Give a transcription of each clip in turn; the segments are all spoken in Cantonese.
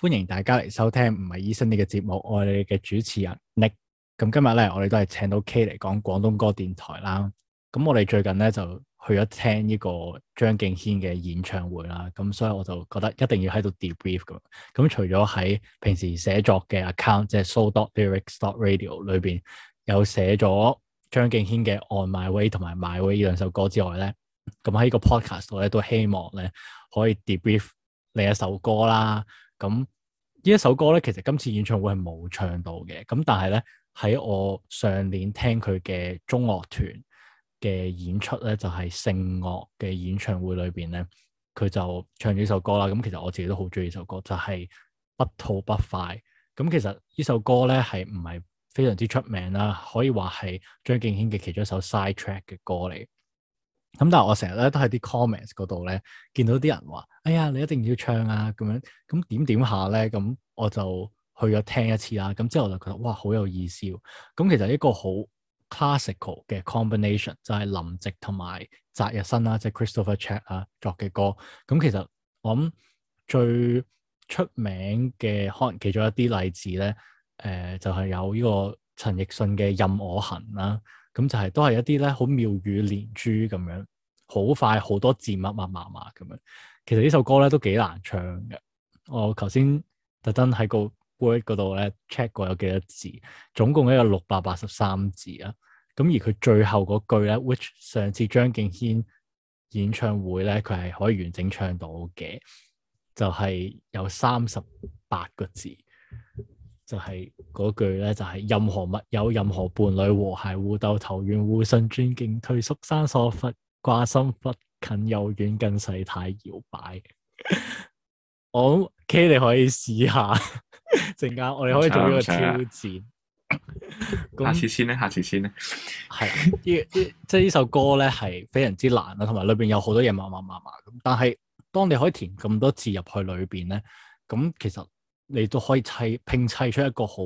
歡迎大家嚟收聽唔係醫生呢個節目，我係你嘅主持人 Nick，咁今日咧我哋都係請到 K 嚟講廣東歌電台啦。咁我哋最近咧就去咗聽呢個張敬軒嘅演唱會啦，咁所以我就覺得一定要喺度 debrief 咁。咁除咗喺平時寫作嘅 account，即係 so dot direct dot radio 裏邊有寫咗張敬軒嘅 On My Way 同埋 My Way 呢兩首歌之外咧，咁喺呢個 podcast 度咧都希望咧可以 debrief 另一首歌啦。咁呢一首歌咧，其實今次演唱會係冇唱到嘅。咁但係咧，喺我上年聽佢嘅中樂團嘅演出咧，就係聖樂嘅演唱會裏邊咧，佢就唱咗首歌啦。咁其實我自己都好中意呢首歌，就係《不吐不快》。咁其實呢首歌咧係唔係非常之出名啦。可以話係張敬軒嘅其中一首 side track 嘅歌嚟。咁但係我成日咧都喺啲 comments 嗰度咧，見到啲人話：哎呀，你一定要唱啊！咁樣咁點點下咧，咁我就去咗聽一次啦。咁之後我就覺得哇，好有意思喎！咁其實一個好 classical 嘅 combination 就係林夕同埋澤日新啦，即係 Christopher Check 啊，作嘅歌。咁其實我諗最出名嘅可能其中一啲例子咧，誒就係有呢個陳奕迅嘅任我行啦。咁就係都係一啲咧好妙語連珠咁樣，好快好多字密密麻麻咁樣。其實呢首歌咧都幾難唱嘅。我頭先特登喺個 Word 嗰度咧 check 過有幾多字，總共咧有六百八十三字啊。咁而佢最後嗰句咧，which 上次張敬軒演唱會咧佢係可以完整唱到嘅，就係有三十八個字。就係嗰句咧，就係、是、任何物有任何伴侶和諧互鬥投緣互信尊敬退縮生疏佛掛心忽近又遠更世太搖擺。我 K，、okay，你可以試下陣間， 我哋可以做一個挑戰。 下次先咧，下次先咧。係， 呢呢即係呢首歌咧，係非常之難啦，同埋裏邊有好多嘢麻麻麻麻。但係當你可以填咁多字入去裏邊咧，咁其實。你都可以砌拼，砌出一個好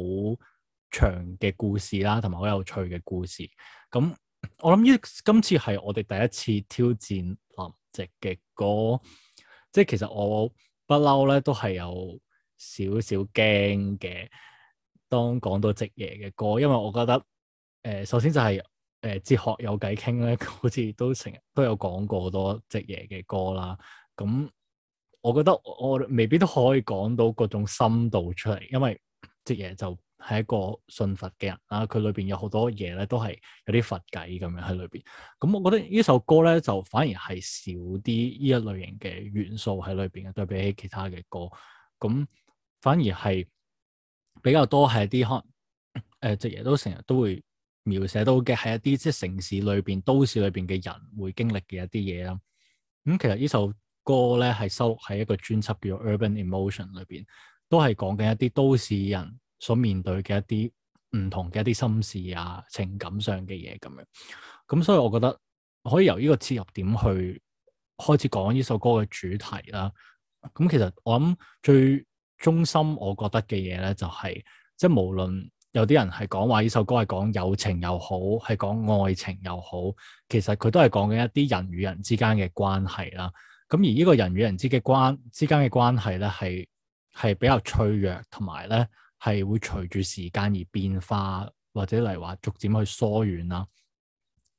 長嘅故事啦，同埋好有趣嘅故事。咁我諗呢今次係我哋第一次挑戰林夕嘅歌，即係其實我不嬲咧，都係有少少驚嘅。當講到夕爺嘅歌，因為我覺得，誒、呃，首先就係誒，哲學有偈傾咧，好似都成日都有講過好多夕爺嘅歌啦。咁。我覺得我未必都可以講到嗰種深度出嚟，因為職爺就係一個信佛嘅人啊，佢裏邊有好多嘢咧都係有啲佛偈咁樣喺裏邊。咁、嗯、我覺得呢首歌咧就反而係少啲呢一類型嘅元素喺裏邊嘅，對比起其他嘅歌，咁、嗯、反而係比較多係一啲可能誒，職、呃、爺都成日都會描寫到嘅係一啲即係城市裏邊、都市裏邊嘅人會經歷嘅一啲嘢啦。咁、嗯、其實呢首。歌咧係收喺一個專輯叫做《Urban Emotion》裏邊，都係講緊一啲都市人所面對嘅一啲唔同嘅一啲心事啊、情感上嘅嘢咁樣。咁所以我覺得可以由呢個切入點去開始講呢首歌嘅主題啦。咁其實我諗最中心我覺得嘅嘢咧，就係即係無論有啲人係講話呢首歌係講友情又好，係講愛情又好，其實佢都係講緊一啲人與人之間嘅關係啦。咁而呢個人與人之嘅關之間嘅關係咧，係係比較脆弱，同埋咧係會隨住時間而變化，或者嚟話逐漸去疏遠啦。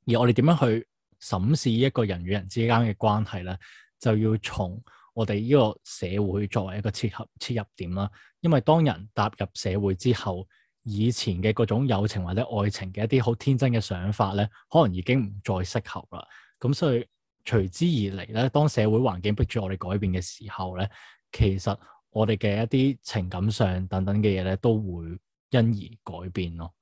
而我哋點樣去審視一個人與人之間嘅關係咧，就要從我哋呢個社會作為一個切合切入點啦。因為當人踏入社會之後，以前嘅嗰種友情或者愛情嘅一啲好天真嘅想法咧，可能已經唔再適合啦。咁所以隨之而嚟咧，當社會環境逼住我哋改變嘅時候咧，其實我哋嘅一啲情感上等等嘅嘢咧，都會因而改變咯。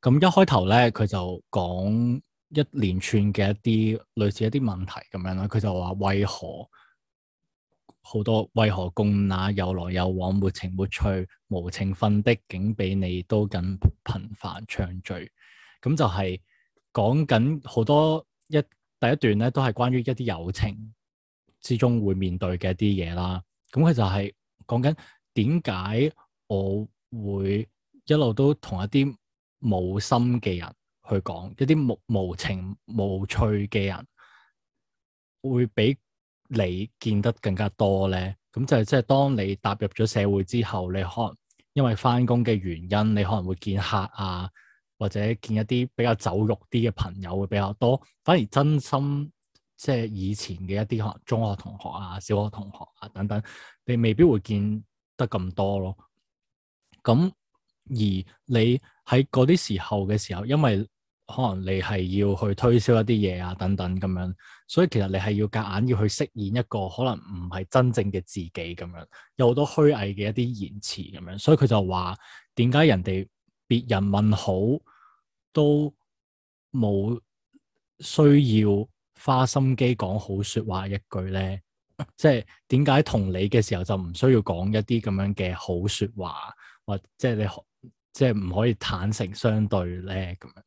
咁一開頭咧，佢就講一連串嘅一啲類似一啲問題咁樣啦。佢就話為何好多，為何共那有來有往，沒情沒趣，無情分的，竟比你都更頻繁暢聚，咁就係講緊好多一。第一段咧，都係關於一啲友情之中會面對嘅一啲嘢啦。咁、嗯、佢就係講緊點解我會一路都同一啲冇心嘅人去講，一啲無無情無趣嘅人會畀你見得更加多咧。咁就係即係當你踏入咗社會之後，你可能因為返工嘅原因，你可能會見客啊。或者見一啲比較走肉啲嘅朋友會比較多，反而真心即係以前嘅一啲可能中學同學啊、小學同學啊等等，你未必會見得咁多咯。咁而你喺嗰啲時候嘅時候，因為可能你係要去推銷一啲嘢啊等等咁樣，所以其實你係要夾硬要去飾演一個可能唔係真正嘅自己咁樣，有好多虛偽嘅一啲言辭咁樣，所以佢就話點解人哋別人問好？都冇需要花心機講好說話一句呢？即係點解同你嘅時候就唔需要講一啲咁樣嘅好說話，或者即係你即係唔可以坦誠相對呢？咁樣。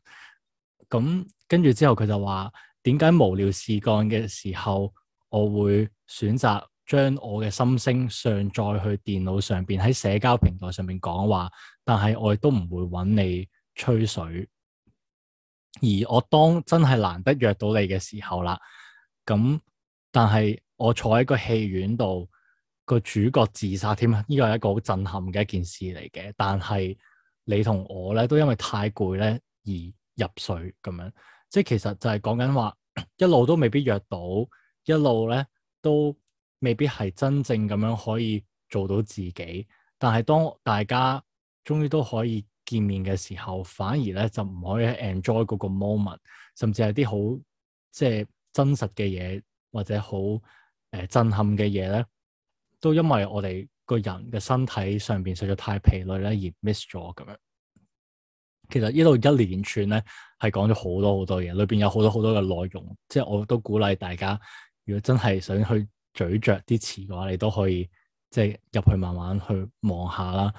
咁跟住之後佢就話，點解無聊事幹嘅時候，我會選擇將我嘅心聲上載去電腦上邊，喺社交平台上面講話，但係我亦都唔會揾你吹水。而我當真係難得約到你嘅時候啦，咁但係我坐喺個戲院度，個主角自殺添啊！呢個係一個好震撼嘅一件事嚟嘅。但係你同我咧都因為太攰咧而入睡咁樣，即係其實就係講緊話，一路都未必約到，一路咧都未必係真正咁樣可以做到自己。但係當大家終於都可以見面嘅時候，反而咧就唔可以 enjoy 嗰個 moment，甚至係啲好即係真實嘅嘢，或者好誒、呃、震撼嘅嘢咧，都因為我哋個人嘅身體上面實在太疲累咧，而 miss 咗咁樣。其實呢度一連串咧係講咗好多好多嘢，裏面有好多好多嘅內容，即係我都鼓勵大家，如果真係想去咀嚼啲詞嘅話，你都可以即係入去慢慢去望下啦。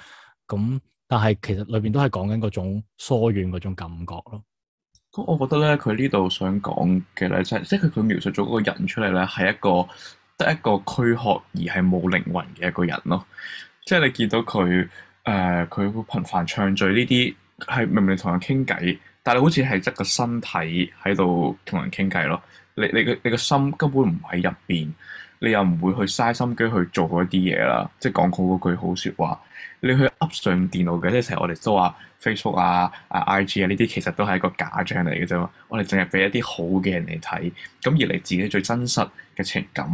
咁。但係其實裏邊都係講緊嗰種疏遠嗰種感覺咯。咁我覺得咧，佢呢度想講嘅咧，即係即係佢描述咗嗰個人出嚟咧，係一個得一個軀殼而係冇靈魂嘅一個人咯。即係你見到佢誒，佢，呃，頻繁唱聚呢啲，係明明同人傾偈，但係好似係得個身體喺度同人傾偈咯。你你嘅你個心根本唔喺入邊。你又唔會去嘥心機去做嗰啲嘢啦，即係講好句好説話，你去 upload 電腦嘅，即係我哋都話 Facebook 啊、啊 IG 啊呢啲，其實都係一個假象嚟嘅啫。我哋淨係俾一啲好嘅人嚟睇，咁而嚟自己最真實嘅情感，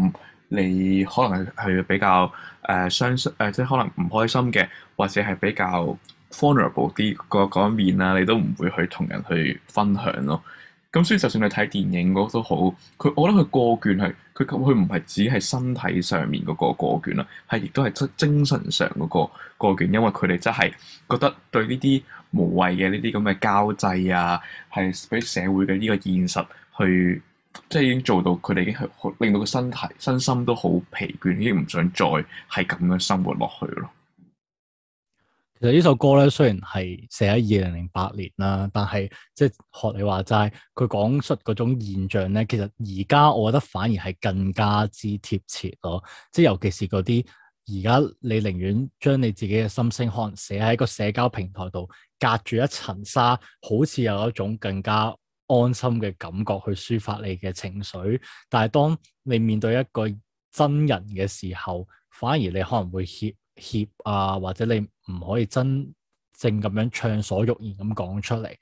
你可能係比較誒、呃、傷心，誒、呃、即係可能唔開心嘅，或者係比較 vulnerable 啲嗰一、那個、方面啊，你都唔會去同人去分享咯。咁所以，就算你睇電影嗰都好，佢我覺得佢過倦，係佢佢唔係只係身體上面嗰個過倦啦，係亦都係精精神上嗰個過倦，因為佢哋真係覺得對呢啲無謂嘅呢啲咁嘅交際啊，係俾社會嘅呢個現實去即係、就是、已經做到佢哋已經係令到個身體身心都好疲倦，已經唔想再係咁樣生活落去咯。其實呢首歌咧，雖然係寫喺二零零八年啦，但係即係學你話齋，佢講述嗰種現象咧，其實而家我覺得反而係更加之貼切咯。即係尤其是嗰啲而家你寧願將你自己嘅心聲可能寫喺個社交平台度，隔住一層紗，好似有一種更加安心嘅感覺去抒發你嘅情緒。但係當你面對一個真人嘅時候，反而你可能會怯怯啊，或者你唔可以真正咁樣暢所欲言咁講出嚟，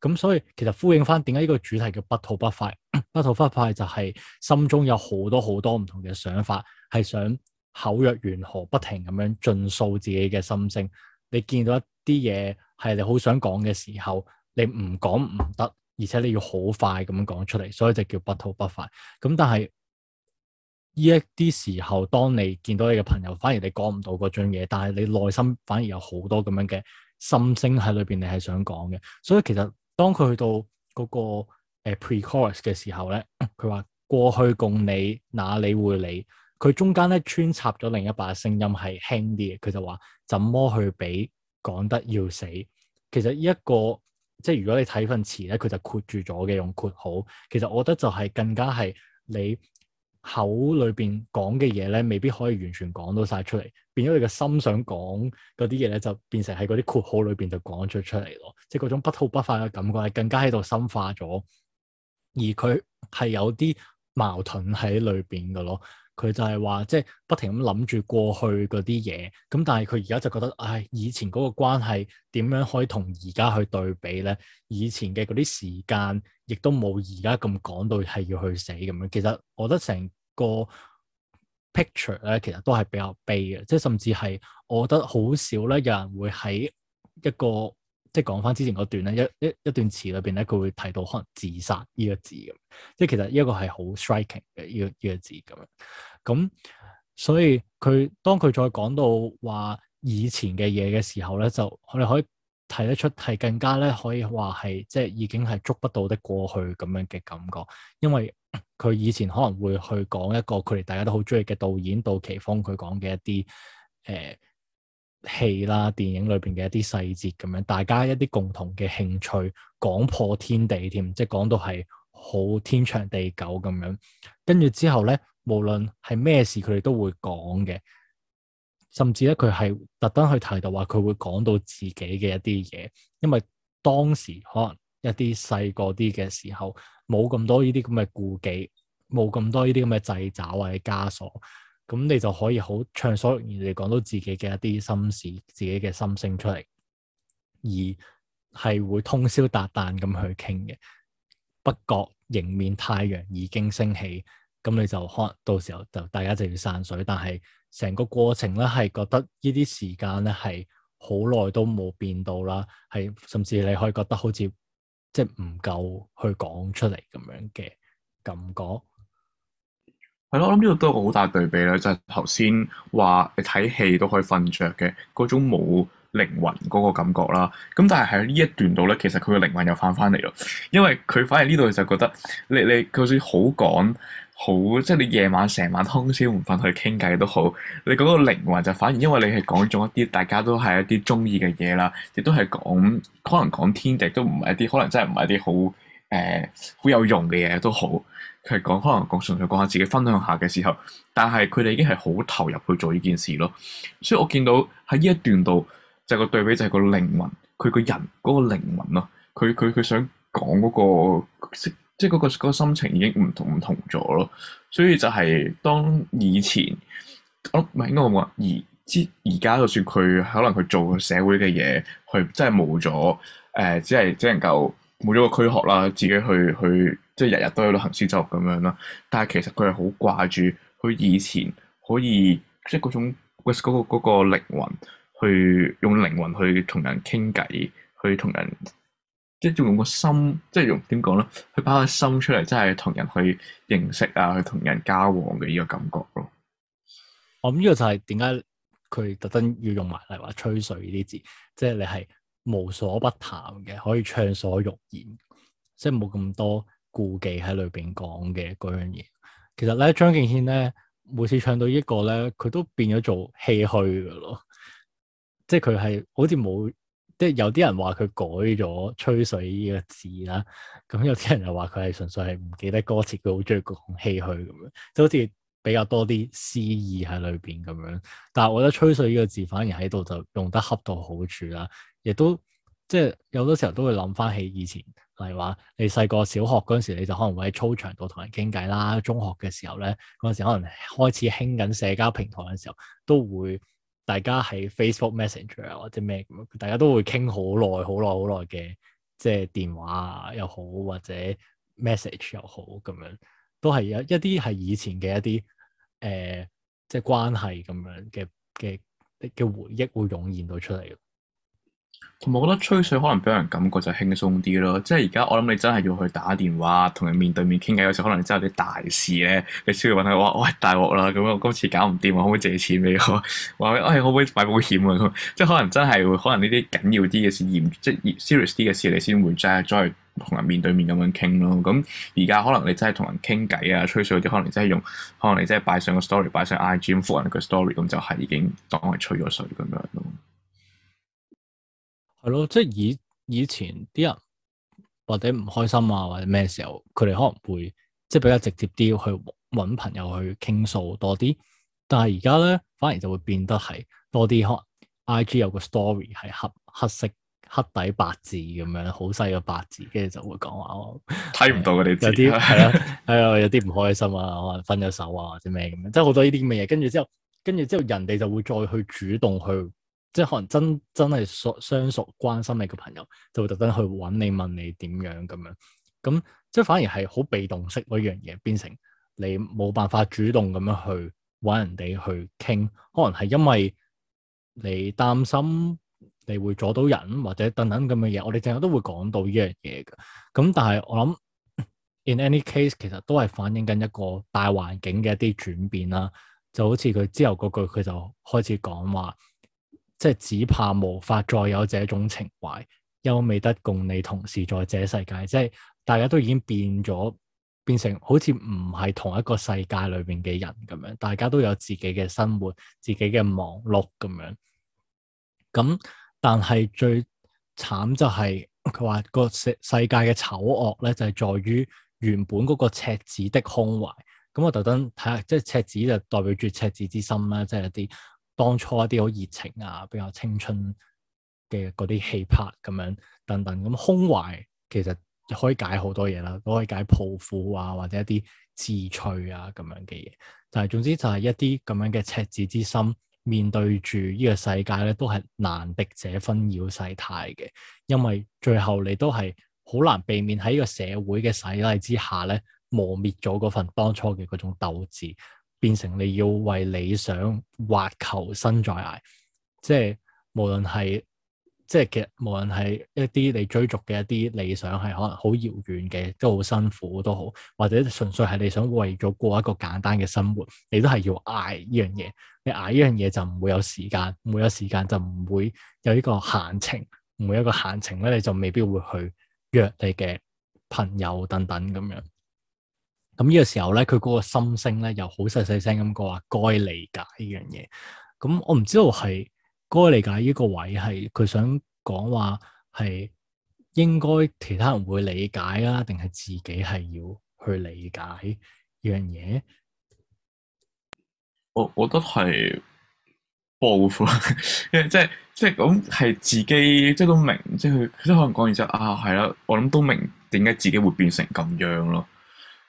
咁所以其實呼應翻點解呢個主題叫不吐不快， 不吐不快就係心中有好多好多唔同嘅想法，係想口若懸河，不停咁樣盡訴自己嘅心聲。你見到一啲嘢係你好想講嘅時候，你唔講唔得，而且你要好快咁樣講出嚟，所以就叫不吐不快。咁但係，呢一啲時候，當你見到你嘅朋友，反而你講唔到嗰張嘢，但係你內心反而有好多咁樣嘅心聲喺裏邊，你係想講嘅。所以其實當佢去到嗰個誒 pre-chorus 嘅時候咧，佢話過去共你，哪裏會理佢，中間咧穿插咗另一把聲音係輕啲嘅，佢就話怎麼去俾講得要死？其實呢一個即係如果你睇份詞咧，佢就括住咗嘅，用括號。其實我覺得就係更加係你。口裏邊講嘅嘢咧，未必可以完全講到晒出嚟，變咗你嘅心想講嗰啲嘢咧，就變成喺嗰啲括號裏邊就講咗出嚟咯，即係嗰種不吐不快嘅感覺係，更加喺度深化咗，而佢係有啲矛盾喺裏邊嘅咯，佢就係話即係不停咁諗住過去嗰啲嘢，咁但係佢而家就覺得，唉，以前嗰個關係點樣可以同而家去對比咧？以前嘅嗰啲時間。亦都冇而家咁講到係要去死咁樣，其實我覺得成個 picture 咧，其實都係比較悲嘅，即係甚至係我覺得好少咧，有人會喺一個即係講翻之前段咧，一一一段詞裏邊咧，佢會提到可能自殺呢個字嘅，即係其實呢一個係好 striking 嘅呢個呢個字咁樣，咁所以佢當佢再講到話以前嘅嘢嘅時候咧，就我哋可以。睇得出係更加咧，可以話係即係已經係捉不到的過去咁樣嘅感覺，因為佢以前可能會去講一個佢哋大家都好中意嘅導演杜琪峰佢講嘅一啲誒、呃、戲啦，電影裏邊嘅一啲細節咁樣，大家一啲共同嘅興趣講破天地添，即係講到係好天長地久咁樣。跟住之後咧，無論係咩事，佢哋都會講嘅。甚至咧，佢係特登去提到話，佢會講到自己嘅一啲嘢，因為當時可能一啲細個啲嘅時候，冇咁多呢啲咁嘅顧忌，冇咁多呢啲咁嘅掣肘或者枷鎖，咁你就可以好暢所欲言地講到自己嘅一啲心事、自己嘅心聲出嚟，而係會通宵達旦咁去傾嘅。不覺迎面太陽已經升起，咁你就可能到時候就大家就要散水，但係。成個過程咧，係覺得呢啲時間咧係好耐都冇變到啦，係甚至你可以覺得好似即係唔夠去講出嚟咁樣嘅感覺。係咯，我諗呢度都有個好大對比啦，就係頭先話你睇戲都可以瞓着嘅嗰種冇。靈魂嗰個感覺啦，咁但係喺呢一段度咧，其實佢個靈魂又返返嚟咯，因為佢反而呢度就覺得你你佢算好講好，即係、就是、你夜晚成晚通宵唔瞓去傾偈都好，你講到靈魂就反而因為你係講咗一啲大家都係一啲中意嘅嘢啦，亦都係講可能講天地都唔係一啲，可能真係唔係一啲好誒好有用嘅嘢都好，佢係講可能講純粹講下自己分享下嘅時候，但係佢哋已經係好投入去做呢件事咯，所以我見到喺呢一段度。就個對比就係、是、個靈魂，佢個人嗰、那個靈魂咯，佢佢佢想講嗰、那個即、那個、即嗰個心情已經唔同唔同咗咯，所以就係當以前我唔係應該咁話而即而家就算佢可能佢做社會嘅嘢，佢真係冇咗誒，只係只能夠冇咗個軀殼啦，自己去去即日日都去行屍走肉咁樣啦。但係其實佢係好掛住佢以前可以即嗰種嗰、那個嗰、那個靈魂。去用靈魂去同人傾偈，去同人即係仲用個心，即係用點講咧？去把個心出嚟，真係同人去認識啊，去同人交往嘅呢個感覺咯。我諗呢個就係點解佢特登要用埋嚟話吹水呢啲字，即係你係無所不談嘅，可以暢所欲言，即係冇咁多顧忌喺裏邊講嘅嗰樣嘢。其實咧，張敬軒咧，每次唱到呢個咧，佢都變咗做唏噓嘅咯。即係佢係好似冇，即係有啲人話佢改咗吹水呢個字啦。咁有啲人又話佢係純粹係唔記得歌詞，佢好中意講唏噓咁樣，就好似比較多啲詩意喺裏邊咁樣。但係我覺得吹水呢個字反而喺度就用得恰到好處啦。亦都即係有多時候都會諗翻起以前，例如話你細個小學嗰陣時，你就可能會喺操場度同人傾偈啦。中學嘅時候咧，嗰陣時可能開始興緊社交平台嘅時候，都會。大家喺 Facebook Messenger 啊，或者咩咁樣，大家都會傾好耐、好耐、好耐嘅，即係電話啊又好，或者 message 又好咁樣，都係有一啲係以前嘅一啲誒、呃，即係關係咁樣嘅嘅嘅回憶會湧現到出嚟嘅。同埋我覺得吹水可能俾人感覺就輕鬆啲咯，即係而家我諗你真係要去打電話同人面對面傾偈，有時可能真係有啲大事咧，你先要問佢：「話、哎：喂，大鑊啦，咁我今次搞唔掂，可唔可以借錢俾我？話、哎、喂，可唔可以買保險啊？咁即係可能真係會，可能呢啲緊要啲嘅事，嚴即係 serious 啲嘅事，你先會真係再同人面對面咁樣傾咯。咁而家可能你真係同人傾偈啊，吹水嗰啲，可能真係用，可能你真係擺上個 story，擺上 IG，敷人個 story，咁就係已經當我係吹咗水咁樣咯。係咯，即係以以前啲人或者唔開心啊，或者咩時候，佢哋可能會即係比較直接啲去搵朋友去傾訴多啲。但係而家咧，反而就會變得係多啲。可能 IG 有個 story 係黑黑色黑底白字咁樣，好細個白字，跟住就會講話，睇唔到佢哋。有啲係咯，係啊，有啲唔開心啊，可能分咗手啊，或者咩咁樣，即係好多呢啲咁嘅嘢。跟住之後，跟住之後，後人哋就會再去主動去。即係可能真真係屬相熟、關心你嘅朋友，就會特登去揾你問你點樣咁樣，咁即係反而係好被動式嗰樣嘢，變成你冇辦法主動咁樣去揾人哋去傾，可能係因為你擔心你會阻到人或者等等咁嘅嘢，我哋淨係都會講到呢樣嘢噶。咁但係我諗 in any case 其實都係反映緊一個大環境嘅一啲轉變啦，就好似佢之後嗰句佢就開始講話。即係只怕無法再有這種情懷，優美得共你同時在這世界。即係大家都已經變咗，變成好似唔係同一個世界裏邊嘅人咁樣。大家都有自己嘅生活，自己嘅忙碌咁樣。咁但係最慘就係佢話個世界嘅醜惡咧，就係、是、在於原本嗰個赤子的胸懷。咁我特登睇下，即係赤子就代表住赤子之心啦，即、就、係、是、一啲。當初一啲好熱情啊，比較青春嘅嗰啲氣魄咁樣等等，咁胸懷其實可以解好多嘢啦，都可以解抱負啊，或者一啲智趣啊咁樣嘅嘢。但係總之就係一啲咁樣嘅赤子之心，面對住呢個世界咧，都係難敵者紛擾世態嘅。因為最後你都係好難避免喺呢個社會嘅洗禮之下咧，磨滅咗嗰份當初嘅嗰種鬥志。變成你要為理想或求生在捱，即係無論係即係其實無論係一啲你追逐嘅一啲理想係可能好遙遠嘅，都好辛苦都好，或者純粹係你想為咗過一個簡單嘅生活，你都係要捱呢樣嘢。你捱呢樣嘢就唔會有時間，唔會有時間就唔會有呢個閒情，唔會有個閒情咧，你就未必會去約你嘅朋友等等咁樣。咁呢個時候咧，佢嗰個心聲咧，又好細細聲咁講話，該理解呢樣嘢。咁我唔知道係該理解呢個位係佢想講話係應該其他人會理解啊，定係自己係要去理解呢樣嘢？我我覺得係報復，即係即係咁係自己即係、即係、都明，即係佢即係可能講完之後啊，係啦，我諗都明點解自己會變成咁樣咯。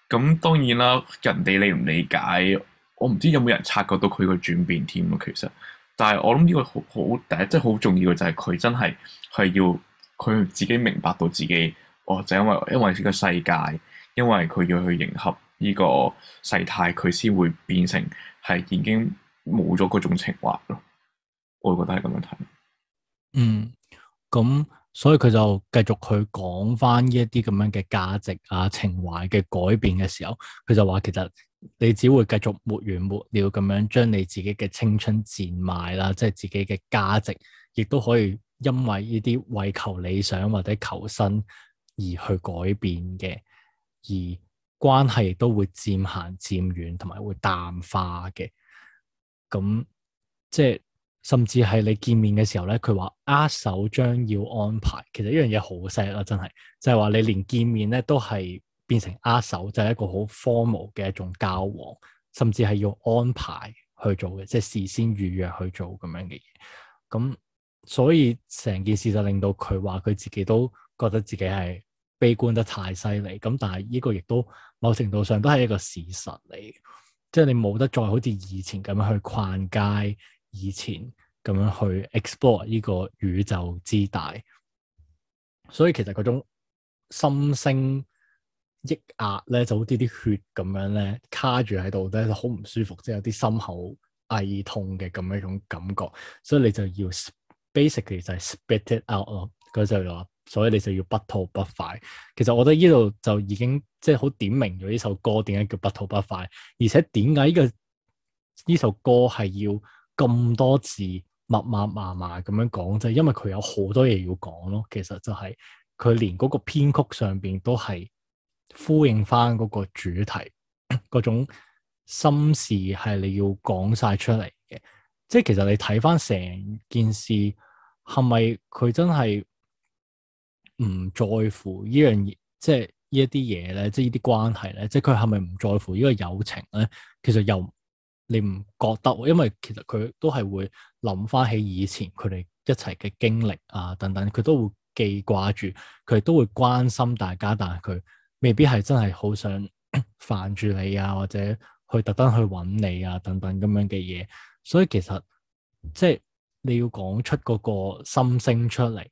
咁當然啦，人哋理唔理解，我唔知有冇人察覺到佢個轉變添啊。其實，但係我諗呢個好好第一，即係好重要嘅就係佢真係係要佢自己明白到自己，哦，就因為因為呢個世界，因為佢要去迎合呢個世態，佢先會變成係已經冇咗嗰種情懷咯。我覺得係咁樣睇。嗯，咁。所以佢就繼續去講翻呢一啲咁樣嘅價值啊情懷嘅改變嘅時候，佢就話其實你只會繼續沒完沒了咁樣將你自己嘅青春賤賣啦，即係自己嘅價值，亦都可以因為呢啲為求理想或者求生而去改變嘅，而關係亦都會漸行漸遠，同埋會淡化嘅。咁即係。甚至係你見面嘅時候咧，佢話握手將要安排，其實呢樣嘢好 sad 啦，真係就係、是、話你連見面咧都係變成握手，就係、是、一個好 formal 嘅一種交往，甚至係要安排去做嘅，即係事先預約去做咁樣嘅嘢。咁所以成件事就令到佢話佢自己都覺得自己係悲觀得太犀利。咁但係呢個亦都某程度上都係一個事實嚟，即、就、係、是、你冇得再好似以前咁樣去逛街，以前咁樣去 explore 呢個宇宙之大，所以其實嗰種心聲抑壓咧就好似啲血咁樣咧卡住喺度咧，就好唔舒服，即係有啲心口嗌痛嘅咁樣一種感覺，所以你就要 basically 就係 spit it out 咯，佢就話，所以你就要不吐不快。其實我覺得呢度就已經即係好點明咗呢首歌點解叫不吐不快，而且點解呢個呢首歌係要？咁多字密密麻麻咁樣講，就係因為佢有好多嘢要講咯。其實就係佢連嗰個編曲上邊都係呼應翻嗰個主題，嗰種心事係你要講晒出嚟嘅。即係其實你睇翻成件事，係咪佢真係唔在乎呢樣嘢？即係呢一啲嘢咧，即係呢啲關係咧，即係佢係咪唔在乎呢個友情咧？其實又？你唔覺得？因為其實佢都係會諗翻起以前佢哋一齊嘅經歷啊，等等，佢都會記掛住，佢都會關心大家，但係佢未必係真係好想 煩住你啊，或者去特登去揾你啊，等等咁樣嘅嘢。所以其實即係、就是、你要講出嗰個心聲出嚟，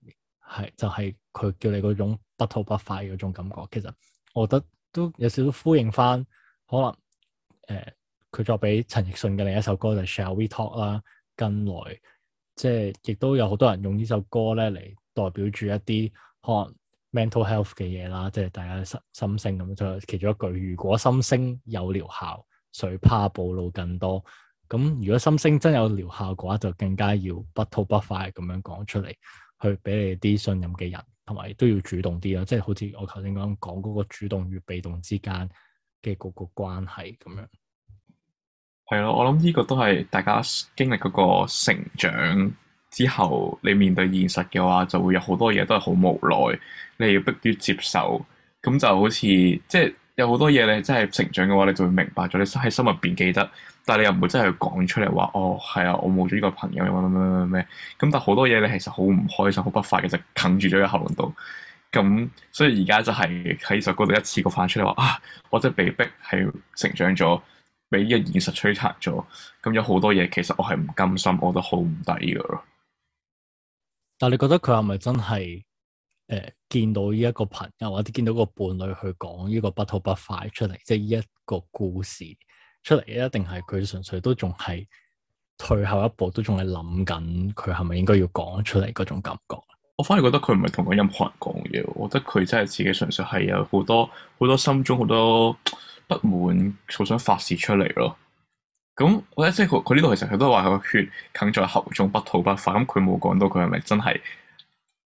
係就係、是、佢叫你嗰種不吐不快嗰種感覺。其實我覺得都有少少呼應翻，可能誒。呃。佢作俾陳奕迅嘅另一首歌就係《Shall We Talk》啦，近來即係亦都有好多人用呢首歌咧嚟代表住一啲可能 mental health 嘅嘢啦，即係大家心心聲咁。就其中一句：如果心聲有療效，誰怕暴露更多？咁如果心聲真有療效嘅話，就更加要不吐不快咁樣講出嚟，去俾你啲信任嘅人，同埋都要主動啲咯。即係好似我頭先講講嗰個主動與被動之間嘅嗰個關係咁樣。係咯，我諗呢個都係大家經歷嗰個成長之後，你面對現實嘅話，就會有好多嘢都係好無奈，你要逼於接受。咁就好似即係有好多嘢你真係成長嘅話，你就會明白咗，你喺心入邊記得，但係你又唔會真係講出嚟話哦，係啊，我冇咗呢個朋友咁樣樣咩咩，咁但係好多嘢你其實好唔開心、好不快嘅，就啃住咗喺喉嚨度。咁所以而家就係喺首歌度一次過反出嚟話啊，我真係被逼係成長咗。俾依個現實摧殘咗，咁有好多嘢，其實我係唔甘心，我覺得好唔抵噶。但係你覺得佢係咪真係誒、呃、見到依一個朋友或者見到個伴侶去講呢個不吐不快出嚟，即係依一個故事出嚟，一定係佢純粹都仲係退後一步，都仲係諗緊佢係咪應該要講出嚟嗰種感覺？我反而覺得佢唔係同緊任何人講嘢，我覺得佢真係自己純粹係有好多好多心中好多。不滿，好想發洩出嚟咯。咁我咧，即係佢呢度其實佢都話佢嘅血哽在喉中不吐不發。咁佢冇講到佢係咪真係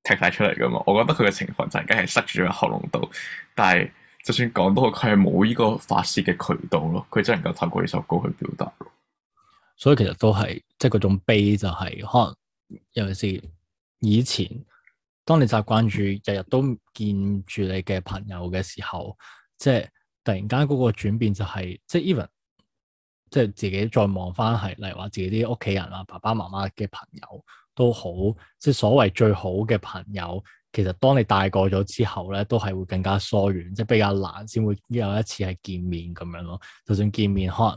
踢晒出嚟㗎嘛？我覺得佢嘅情況就係梗係塞住咗喺喉嚨度。但係就算講到佢係冇呢個發洩嘅渠道咯，佢真係能夠透過呢首歌去表達咯。所以其實都係即係嗰種悲、就是，就係可能尤其是以前，當你習慣住日日都見住你嘅朋友嘅時候，即、就、係、是。突然間嗰個轉變就係，即係 even，即係自己再望翻係，例如話自己啲屋企人啊，爸爸媽媽嘅朋友都好，即係所謂最好嘅朋友，其實當你大個咗之後咧，都係會更加疏遠，即係比較難先會有一次係見面咁樣咯。就算見面，可能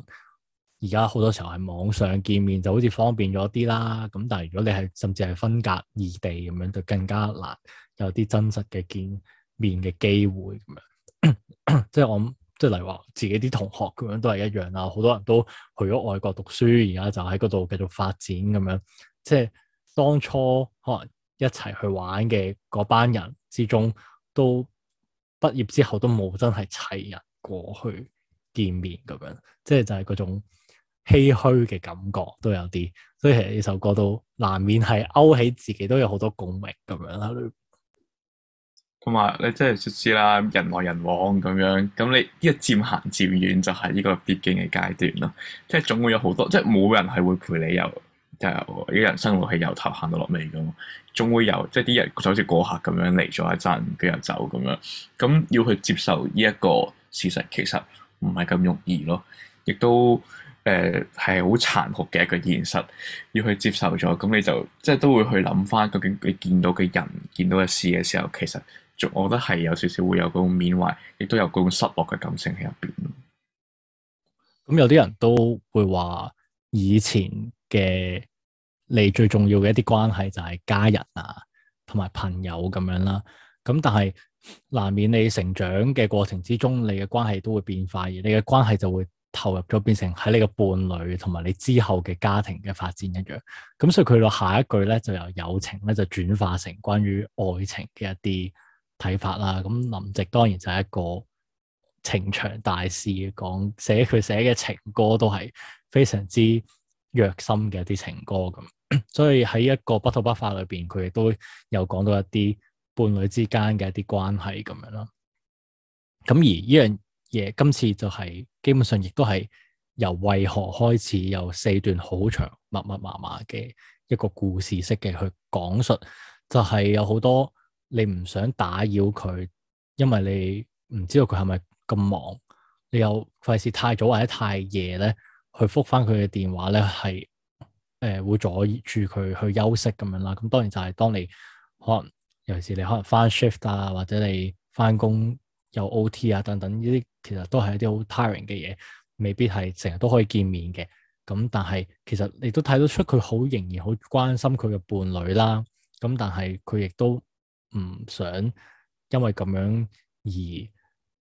而家好多時候係網上見面，就好似方便咗啲啦。咁但係如果你係甚至係分隔異地咁樣，就更加難有啲真實嘅見面嘅機會咁樣。咳咳即係我。即係例如話自己啲同學咁樣都係一樣啦，好多人都去咗外國讀書，而家就喺嗰度繼續發展咁樣。即係當初可能一齊去玩嘅嗰班人之中都，都畢業之後都冇真係齊人過去見面咁樣。即係就係嗰種唏噓嘅感覺都有啲，所以其實呢首歌都難免係勾起自己都有好多共鳴咁樣啦。同埋你即係知啦，人來人往咁樣，咁你呢個漸行漸遠就係呢個必經嘅階段咯。即係總會有好多，即係冇人係會陪你由由依人生活係由頭行到落尾噶嘛。總會有即係啲人就好似過客咁樣嚟咗一陣，啲人走咁樣，咁要去接受呢一個事實，其實唔係咁容易咯。亦都誒係好殘酷嘅一個現實，要去接受咗，咁你就即係都會去諗翻究竟你見到嘅人、見到嘅事嘅時候，其實。我覺得係有少少會有嗰種緬懷，亦都有嗰種失落嘅感情喺入邊。咁有啲人都會話，以前嘅你最重要嘅一啲關係就係家人啊，同埋朋友咁樣啦。咁但係難免你成長嘅過程之中，你嘅關係都會變化，而你嘅關係就會投入咗變成喺你嘅伴侶，同埋你之後嘅家庭嘅發展一樣。咁所以佢到下一句咧，就由友情咧就轉化成關於愛情嘅一啲。睇法啦，咁林夕當然就係一個情場大師，講寫佢寫嘅情歌都係非常之虐心嘅一啲情歌咁，所以喺一個不吐不快裏邊，佢亦都有講到一啲伴侶之間嘅一啲關係咁樣咯。咁而呢樣嘢今次就係、是、基本上亦都係由為何開始，有四段好長密密麻麻嘅一個故事式嘅去講述，就係、是、有好多。你唔想打擾佢，因為你唔知道佢係咪咁忙，你又費事太早或者太夜咧去復翻佢嘅電話咧，係誒、呃、會阻住佢去休息咁樣啦。咁、嗯、當然就係、是、當你可能尤其是你可能翻 shift 啊，或者你翻工又 OT 啊等等呢啲，其實都係一啲好 tiring 嘅嘢，未必係成日都可以見面嘅。咁、嗯、但係其實你都睇得出佢好仍然好關心佢嘅伴侶啦。咁、嗯嗯、但係佢亦都。唔想因為咁樣而即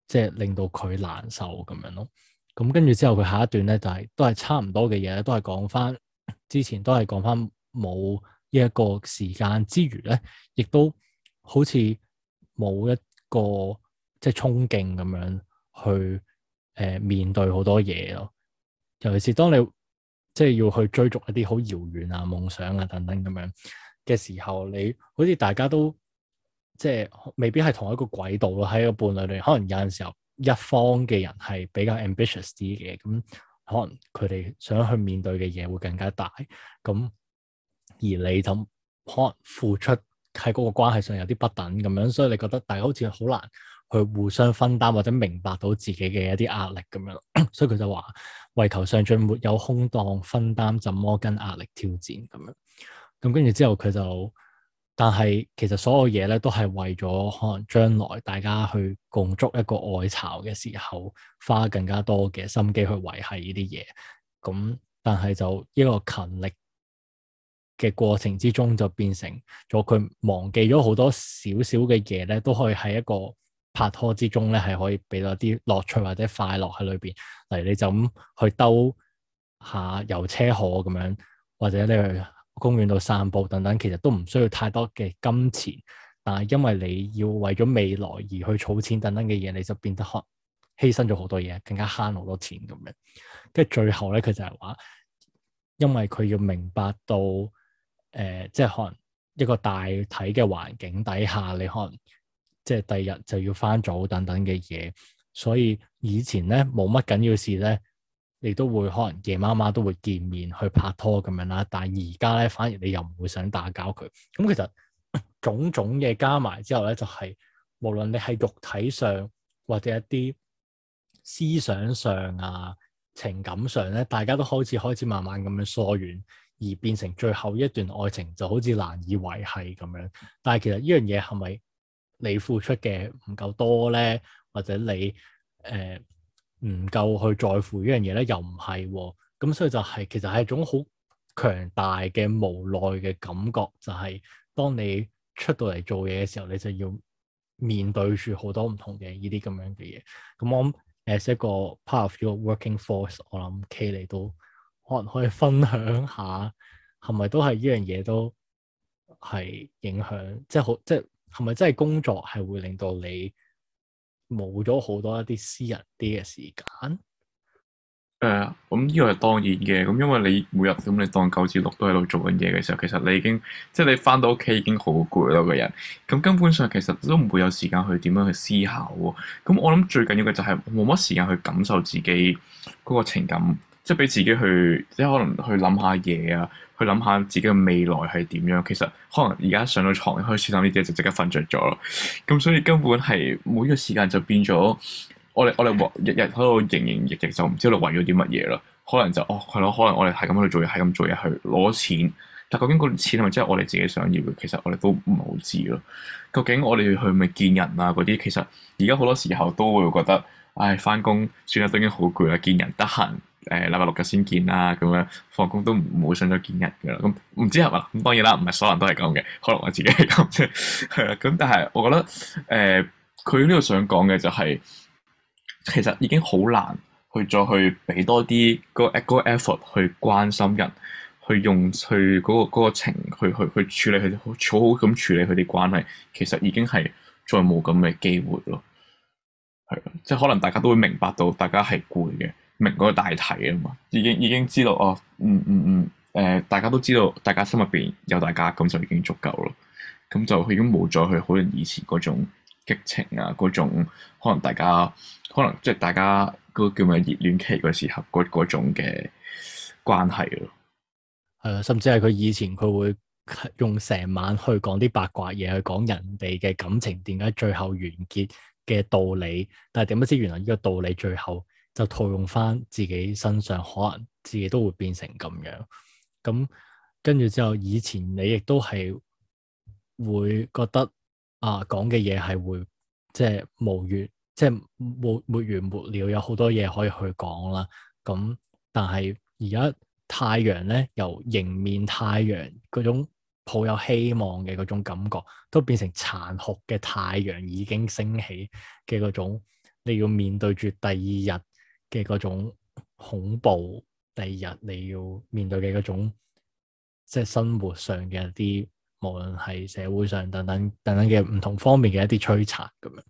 係令到佢難受咁樣咯。咁跟住之後佢下一段咧，就係都係差唔多嘅嘢，都係講翻之前都係講翻冇呢一個時間之餘咧，亦都好似冇一個即係憧憬咁樣去誒、呃、面對好多嘢咯。尤其是當你即係要去追逐一啲好遙遠啊夢想啊等等咁樣嘅時候，你好似大家都。即係未必係同一個軌道咯，喺個伴侶裏，可能有陣時候一方嘅人係比較 ambitious 啲嘅，咁可能佢哋想去面對嘅嘢會更加大，咁而你就可能付出喺嗰個關係上有啲不等咁樣，所以你覺得大家好似好難去互相分擔或者明白到自己嘅一啲壓力咁樣，所以佢就話為求上進，沒有空檔分擔，怎麼跟壓力挑戰咁樣？咁跟住之後佢就。但係其實所有嘢咧，都係為咗可能將來大家去共築一個愛巢嘅時候，花更加多嘅心機去維繫呢啲嘢。咁但係就一個勤力嘅過程之中，就變成咗佢忘記咗好多少少嘅嘢咧，都可以喺一個拍拖之中咧，係可以俾到啲樂趣或者快樂喺裏邊。例如，你就咁去兜下遊車河咁樣，或者你去。公園度散步等等，其實都唔需要太多嘅金錢，但係因為你要為咗未來而去儲錢等等嘅嘢，你就變得可犧牲咗好多嘢，更加慳好多錢咁樣。跟住最後咧，佢就係話，因為佢要明白到，誒、呃，即係可能一個大體嘅環境底下，你可能即係第二日就要返早等等嘅嘢，所以以前咧冇乜緊要事咧。你都會可能夜媽媽都會見面去拍拖咁樣啦，但係而家咧反而你又唔會想打攪佢，咁其實種種嘅加埋之後咧，就係、是、無論你係肉體上或者一啲思想上啊、情感上咧，大家都開始開始慢慢咁樣疏遠，而變成最後一段愛情就好似難以維繫咁樣。但係其實呢樣嘢係咪你付出嘅唔夠多咧，或者你誒？呃唔夠去在乎呢樣嘢咧，又唔係喎，咁所以就係，其實係一種好強大嘅無奈嘅感覺，就係當你出到嚟做嘢嘅時候，你就要面對住好多唔同嘅呢啲咁樣嘅嘢。咁我諗 as 一個 part of your working force，我諗 K 你都可能可以分享下，係咪都係呢樣嘢都係影響，即係好，即係係咪真係工作係會令到你？冇咗好多一啲私人啲嘅時間。誒、呃，咁、這、呢個係當然嘅。咁因為你每日咁你當九至六都喺度做緊嘢嘅時候，其實你已經即係你翻到屋企已經好攰咯，個人。咁根本上其實都唔會有時間去點樣去思考喎。咁我諗最緊要嘅就係冇乜時間去感受自己嗰個情感。即係俾自己去，即係可能去諗下嘢啊，去諗下自己嘅未來係點樣。其實可能而家上到床開始諗呢啲嘢，就即刻瞓着咗咯。咁所以根本係每一個時間就變咗我哋，我哋日日喺度營營役役，就唔知道為咗啲乜嘢咯。可能就哦係咯，可能我哋係咁去做嘢，係咁做嘢去攞錢，但究竟嗰啲錢係咪真係我哋自己想要嘅？其實我哋都唔係好知咯。究竟我哋去咪見人啊嗰啲？其實而家好多時候都會覺得，唉，翻工算啦，算都已經好攰啦，見人得閒。誒禮拜六日先見啦，咁樣放工都唔唔會想再見人嘅啦。咁、嗯、唔知係嘛？咁當然啦，唔係所有人都係咁嘅，可能我自己係咁啫。係 啊，咁但係我覺得誒，佢呢度想講嘅就係、是，其實已經好難去再去俾多啲個個 effort 去關心人，去用去嗰、嗰個情、嗰個、去去去處理佢，好好咁處理佢啲關係。其實已經係再冇咁嘅機會咯。係啊，即係可能大家都會明白到，大家係攰嘅。明嗰個大體啊嘛，已經已經知道哦，嗯嗯嗯，誒、呃，大家都知道，大家心入邊有大家，咁就已經足夠咯。咁就已經冇再去可能以前嗰種激情啊，嗰種可能大家可能即係大家嗰、嗰個叫咩熱戀期嗰時候嗰種嘅關係咯。係啊，甚至係佢以前佢會用成晚去講啲八卦嘢，去講人哋嘅感情點解最後完結嘅道理，但係點不知原來呢個道理最後。就套用翻自己身上，可能自己都會變成咁樣。咁跟住之後，以前你亦都係會覺得啊，講嘅嘢係會即係無完，即係沒沒完沒了，有好多嘢可以去講啦。咁但係而家太陽咧，由迎面太陽嗰種抱有希望嘅嗰種感覺，都變成殘酷嘅太陽已經升起嘅嗰種，你要面對住第二日。嘅嗰種恐怖，第二日你要面對嘅嗰種，即係生活上嘅一啲，無論係社會上等等等等嘅唔同方面嘅一啲摧殘咁樣。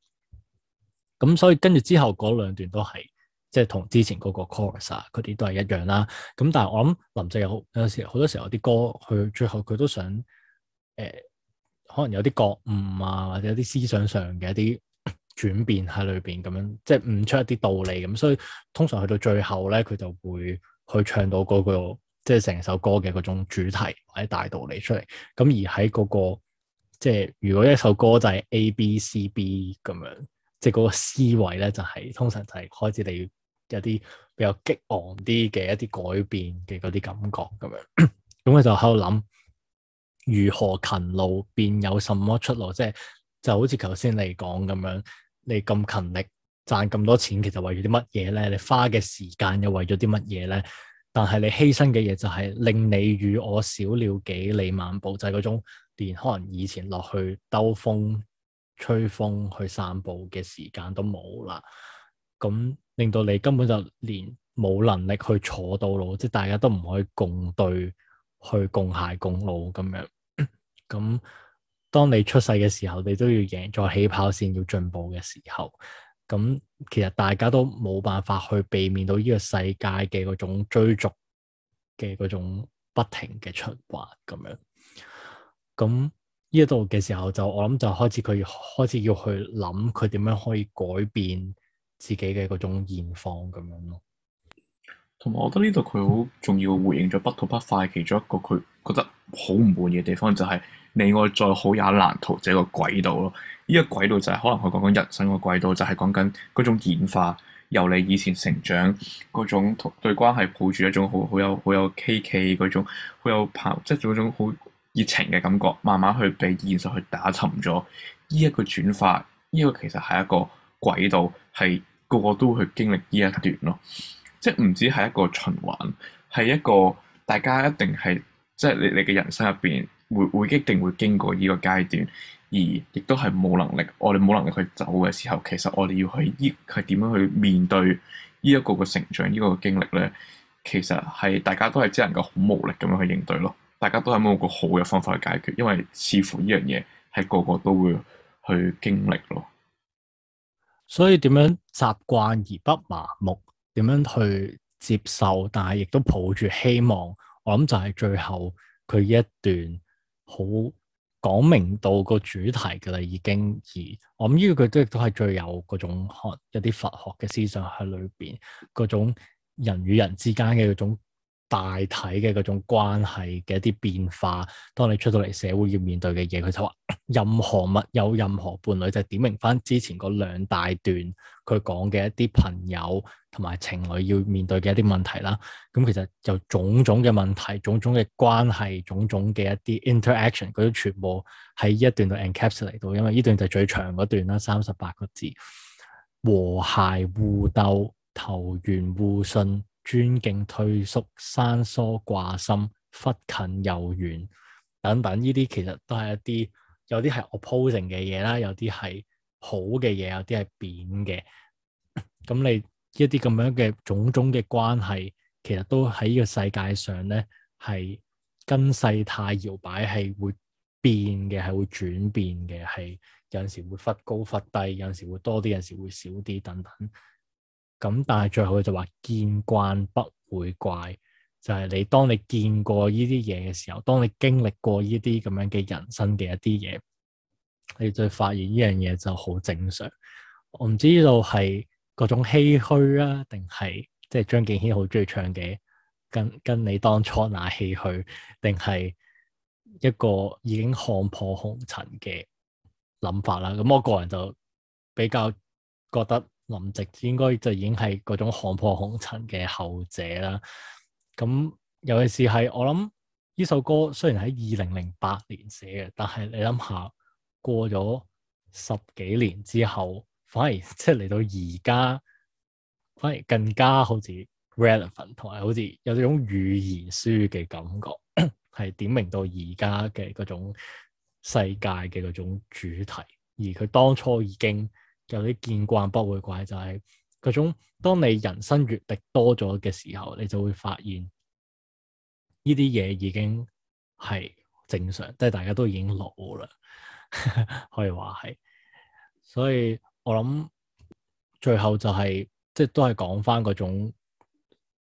咁所以跟住之後嗰兩段都係，即係同之前嗰個 chorus 啊，佢啲都係一樣啦。咁但係我諗林夕有有時好多時候有啲歌，佢最後佢都想，誒、呃，可能有啲覺悟啊，或者有啲思想上嘅一啲。轉變喺裏邊咁樣，即係悟出一啲道理咁，所以通常去到最後咧，佢就會去唱到嗰、那個即係成首歌嘅嗰種主題或者大道理出嚟。咁而喺嗰、那個即係如果一首歌就係 A B C B 咁樣，即係嗰個思維咧就係、是、通常就係開始你有啲比較激昂啲嘅一啲改變嘅嗰啲感覺咁樣，咁佢 就喺度諗如何勤勞，便有什麼出路？即係就好似頭先你講咁樣。你咁勤力賺咁多錢，其實為咗啲乜嘢咧？你花嘅時間又為咗啲乜嘢咧？但係你犧牲嘅嘢就係令你與我少了幾你漫步，就係嗰種連可能以前落去兜風、吹風去散步嘅時間都冇啦。咁令到你根本就連冇能力去坐到路，即係大家都唔可以共對去共鞋共路咁樣咁。 當你出世嘅時候，你都要贏在起跑線，要進步嘅時候，咁其實大家都冇辦法去避免到呢個世界嘅嗰種追逐嘅嗰種不停嘅循環咁樣。咁呢一度嘅時候就，就我諗就開始佢開始要去諗佢點樣可以改變自己嘅嗰種現況咁樣咯。同埋，我覺得呢度佢好重要回應咗不吐不快其中一個佢。覺得好唔滿嘅地方就係，你我再好也難逃這個軌道咯。呢一個軌道就係可能佢講緊人生個軌道，就係講緊嗰種演化，由你以前成長嗰種對關係抱住一種好好有好有希冀嗰種好有即係嗰種好熱情嘅感覺，慢慢去被現實去打沉咗。呢一個轉化，呢個其實係一個軌道，係個個都去經歷呢一段咯，即係唔止係一個循環，係一個大家一定係。即係你你嘅人生入邊，會會一定會經過呢個階段，而亦都係冇能力，我哋冇能力去走嘅時候，其實我哋要去呢係點樣去面對呢一個嘅成長，呢、這個經歷咧，其實係大家都係只能夠好無力咁樣去應對咯。大家都係冇個好嘅方法去解決，因為似乎呢樣嘢係個個都會去經歷咯。所以點樣習慣而不麻木？點樣去接受？但係亦都抱住希望。我諗就係最後佢一段好講明到個主題㗎喇，已經，而我諗呢個佢都亦都係最有嗰種學一啲佛學嘅思想喺裏邊，嗰種人與人之間嘅嗰種。大體嘅嗰種關係嘅一啲變化，當你出到嚟社會要面對嘅嘢，佢就話任何物有任何伴侶，就係點明翻之前嗰兩大段佢講嘅一啲朋友同埋情侶要面對嘅一啲問題啦。咁其實就種種嘅問題，種種嘅關係，種種嘅一啲 interaction，佢都全部喺一段度 encapsulate 到，因為呢段就係最長嗰段啦，三十八個字，和諧互鬥，投緣互信。尊敬、退縮、生疏、掛心、忽近又遠等等，呢啲其實都係一啲有啲係 opposing 嘅嘢啦，有啲係好嘅嘢，有啲係扁嘅。咁你一啲咁樣嘅種種嘅關係，其實都喺呢個世界上咧，係跟世態搖擺，係會變嘅，係會轉變嘅，係有陣時會忽高忽低，有陣時會多啲，有陣時會少啲，等等。咁但係最後就話見慣不會怪，就係你當你見過呢啲嘢嘅時候，當你經歷過呢啲咁樣嘅人生嘅一啲嘢，你就發現呢樣嘢就好正常。我唔知道係嗰種唏噓啊，定係即係張敬軒好中意唱嘅，跟跟你當初那唏噓，定係一個已經看破紅塵嘅諗法啦。咁我個人就比較覺得。林夕應該就已經係嗰種看破紅塵嘅後者啦。咁尤其是係我諗呢首歌雖然喺二零零八年寫嘅，但係你諗下過咗十幾年之後，反而即係嚟到而家，反而更加好似 relevant，同埋好似有種預言書嘅感覺，係 點明到而家嘅嗰種世界嘅嗰種主題，而佢當初已經。有啲見慣不會怪，就係、是、嗰種當你人生閱歷多咗嘅時候，你就會發現呢啲嘢已經係正常，即係大家都已經老啦， 可以話係。所以我諗最後就係、是、即係都係講翻嗰種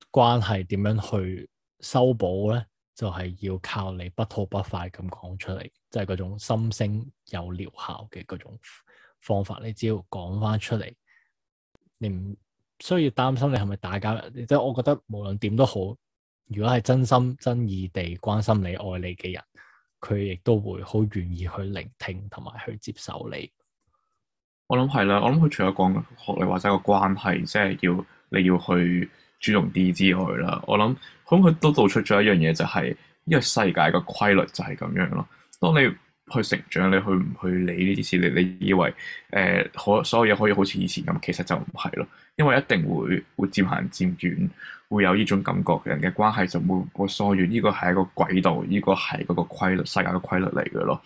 關係點樣去修補咧，就係、是、要靠你不吐不快咁講出嚟，即係嗰種心聲有療效嘅嗰種。方法你只要講翻出嚟，你唔需要擔心你係咪打交。即係我覺得無論點都好，如果係真心真意地關心你、愛你嘅人，佢亦都會好願意去聆聽同埋去接受你。我諗係啦，我諗佢除咗講學你話齋個關係，即係要你要去注重啲之外啦，我諗可能佢都道出咗一樣嘢，就係呢個世界嘅規律就係咁樣咯。當你去成長，你去唔去理呢啲事？你你以為誒可、呃、所有嘢可以好似以前咁？其實就唔係咯，因為一定會會漸行漸遠，會有呢種感覺。人嘅關係就會會疏遠。呢、這個係一個軌道，呢、這個係嗰個規律，世界嘅規律嚟嘅咯。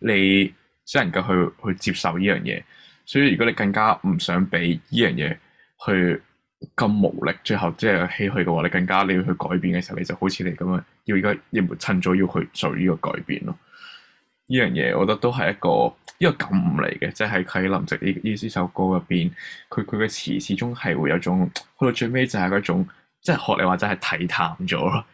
你先能夠去去接受呢樣嘢，所以如果你更加唔想俾呢樣嘢去咁無力，最後即係有唏噓嘅話，你更加你要去改變嘅時候，你就好似你咁樣要而家要唔趁早要去做呢個改變咯。呢樣嘢，我覺得都係一個呢個感悟嚟嘅，即係喺林夕呢呢首歌入邊，佢佢嘅詞始終係會有種去到最尾就係嗰種，即係學你話齋係睇淡咗咯，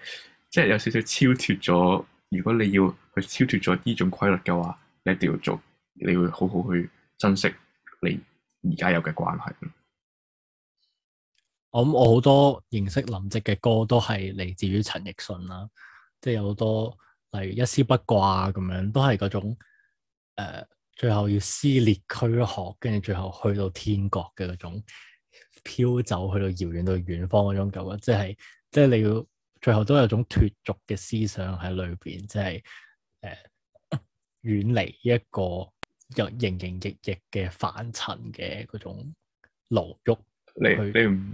即係有少少超脫咗。如果你要去超脫咗呢種規律嘅話，你一定要做，你會好好去珍惜你而家有嘅關係。我諗我好多認識林夕嘅歌都係嚟自於陳奕迅啦，即係有好多。例如一絲不掛咁樣，都係嗰種誒、呃，最後要撕裂軀殼，跟住最後去到天國嘅嗰種飄走，去到遙遠到遠方嗰種感覺，即係即係你要最後都有種脫俗嘅思想喺裏邊，即係誒，遠、呃、離一個有營營役役嘅凡塵嘅嗰種牢獄。你你唔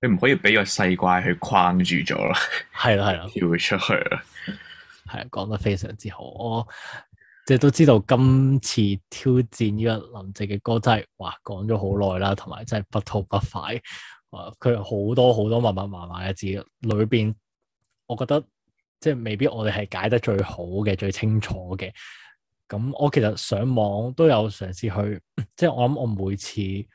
你唔可以俾個世界去框住咗啦，係啦係啦，跳出去啦。係啊，講得非常之好，我即係都知道今次挑戰呢個林夕嘅歌真係哇，講咗好耐啦，同埋真係不吐不快啊！佢、呃、好多好多密密麻麻嘅字，裏邊我覺得即係未必我哋係解得最好嘅，最清楚嘅。咁我其實上網都有嘗試去，即係我諗我每次去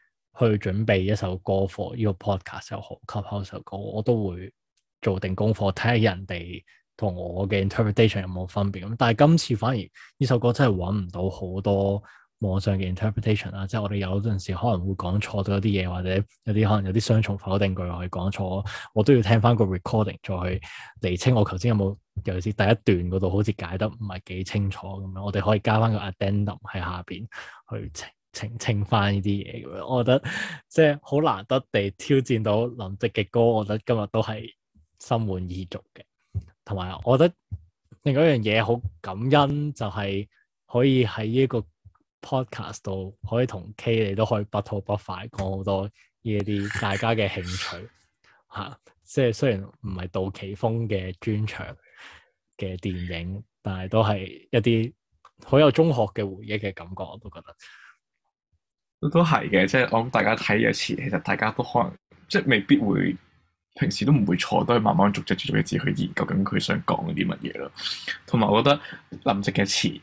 準備一首歌課，呢個 podcast 又好，cover 一首歌，我都會做定功課，睇下人哋。同我嘅 interpretation 有冇分別咁？但係今次反而呢首歌真係揾唔到好多網上嘅 interpretation 啦、啊，即係我哋有陣時可能會講錯咗啲嘢，或者有啲可能有啲雙重否定句話去講錯，我都要聽翻個 recording 再去釐清我頭先有冇，尤其是第一段嗰度好似解得唔係幾清楚咁樣，我哋可以加翻個 addendum 喺下邊去澄清翻呢啲嘢咁樣。我覺得即係好難得地挑戰到林夕嘅歌，我覺得今日都係心滿意足嘅。同埋，我覺得另外一樣嘢好感恩，就係、是、可以喺呢個 podcast 度，可以同 K 你都可以不吐不快講好多呢一啲大家嘅興趣嚇、 啊。即係雖然唔係杜琪峰嘅專長嘅電影，但係都係一啲好有中學嘅回憶嘅感覺，我都覺得都都係嘅。即係我諗大家睇一次，其實大家都可能即係未必會。平時都唔會錯，都係慢慢逐隻逐隻字去研究緊佢想講啲乜嘢咯。同埋，我覺得林夕嘅詞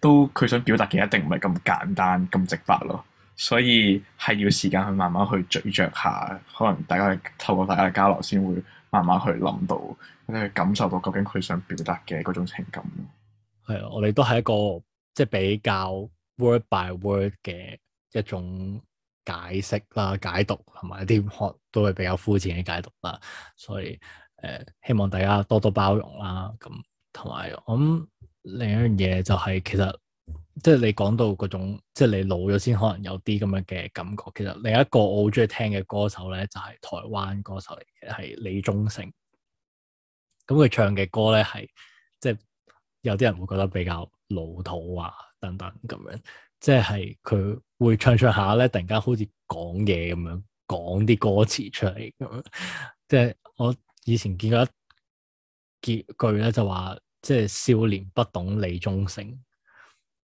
都佢想表達嘅一定唔係咁簡單，咁直白咯，所以係要時間去慢慢去咀嚼下。可能大家透過大家嘅交流，先會慢慢去諗到，或者去感受到究竟佢想表達嘅嗰種情感。係啊，我哋都係一個即係，就是，比較 word by word 嘅一種。解釋啦、解讀同埋啲學都係比較膚淺嘅解讀啦，所以誒、呃，希望大家多多包容啦。咁同埋，我諗另一樣嘢就係、是、其實即係你講到嗰種，即係你老咗先可能有啲咁樣嘅感覺。其實另一個我好中意聽嘅歌手咧，就係、是、台灣歌手嚟嘅，係李宗盛。咁佢唱嘅歌咧，係即係有啲人會覺得比較老土啊等等咁樣，即係佢。會唱唱下咧，突然間好似講嘢咁樣，講啲歌詞出嚟咁樣。即係我以前見過一結句咧，就話即係少年不懂李宗盛，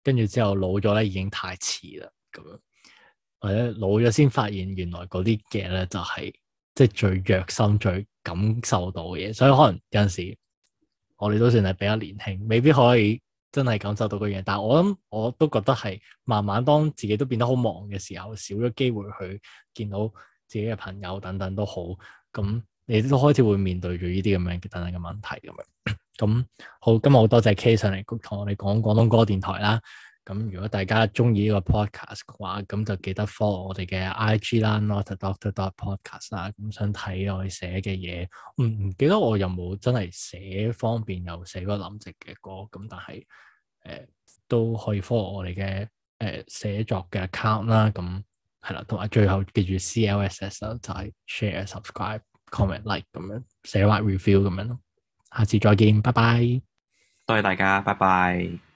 跟住之後老咗咧已經太遲啦咁樣，或者老咗先發現原來嗰啲嘅咧就係、是、即係最虐心、最感受到嘅嘢。所以可能有陣時我哋都算係比較年輕，未必可以。真係感受到嗰樣，但係我諗我都覺得係慢慢當自己都變得好忙嘅時候，少咗機會去見到自己嘅朋友等等都好，咁你都開始會面對住呢啲咁樣等等嘅問題咁樣。咁 好，今日好多謝 K 上嚟同我哋講廣東歌電台啦。咁如果大家中意呢個 podcast 嘅話，咁就記得 follow 我哋嘅 IG 啦，not a doctor dot podcast 啦。咁想睇我哋寫嘅嘢，唔、嗯、唔記得我又冇真係寫方便又寫過諗直嘅歌。咁但係誒、呃、都可以 follow 我哋嘅誒寫作嘅 account 啦。咁係啦，同埋最後記住 CLSS 啦，就係、是、share、subscribe、comment、like 咁樣，寫話 review 咁樣咯。下次再見，拜拜，多謝大家，拜拜。